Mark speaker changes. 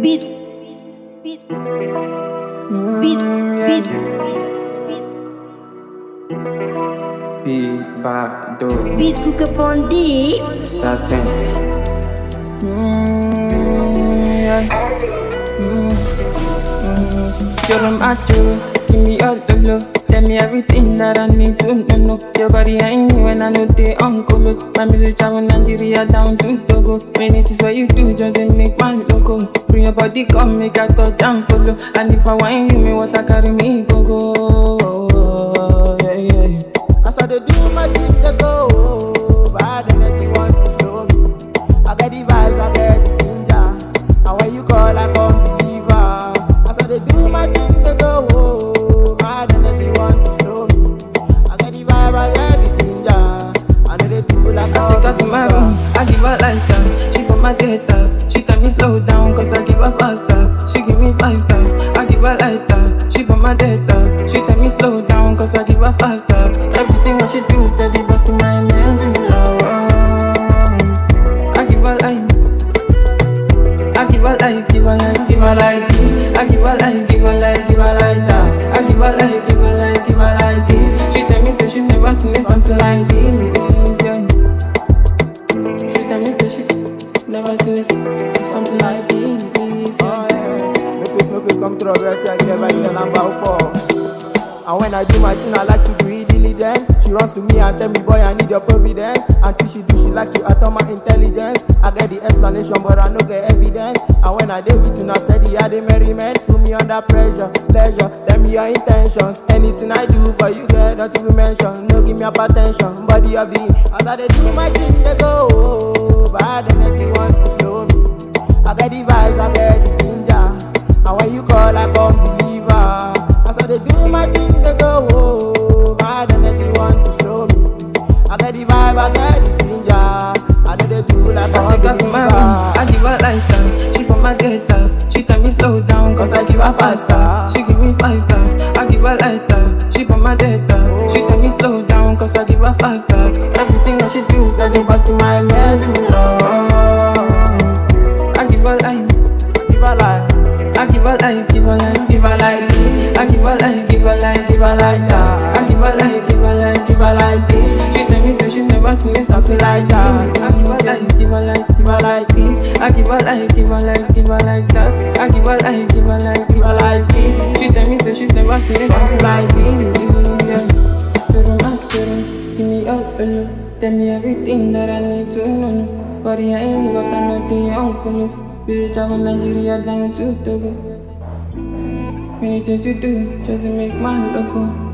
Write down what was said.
Speaker 1: beat beat beat beat Pipa do Beat ku ke Pondi Stasiun Yorum mm, mm, mm, acu Kimi adulu Tell me everything that I need to know. know. Your body ain't when I know they on colors. My music travel Nigeria down to Togo. When it is what you do, just make my logo. Bring your body, come make a touch and follow. And if I want you, me what I carry me go go. cause I did her faster. Everything I should do steady busting my memory. Oh, I give all I, I give all I, give all I, give all I, I give all I, give all I, give all I that. I give all I, give all I, give all I this. She tell me say she's never seen something like this. Yeah. She tell me say she never seen
Speaker 2: something like this. Oh yeah. Me face, no face, come through, real tight, never get a number four. And when I do my thing, I like to do it diligent. She runs to me and tell me, boy, I need your providence. Until she do, she like to attack my intelligence. I get the explanation, but I no get evidence. And when I deal with you, not steady, I the merriment. Put me under pressure, pleasure. Tell me your intentions. Anything I do for you, girl, not be mention. No give me up attention, body of the. As I do my thing, they go. Bad and everyone to slow me. I get the vibes, I get the
Speaker 1: I because my own, I give her lighter. Uh, she from my ghetto. She tell me slow down, cause I give her faster. She give me faster. I give her lighter. Uh, she from my ghetto. She tell me slow down, cause I give her faster. Everything that she is that they pass in my medulla. I give her life. I give her life. I give her life. give her like this. I give her like, give her like, give her like that. I give her like, give her like, give her like this. She tell me say she's never seen anything like this. Yeah. Turn up, turn give me up, and tell me everything that I need to know. But I ain't got no the uncle. We travel Nigeria down to Togo. Many things you do just to make man local.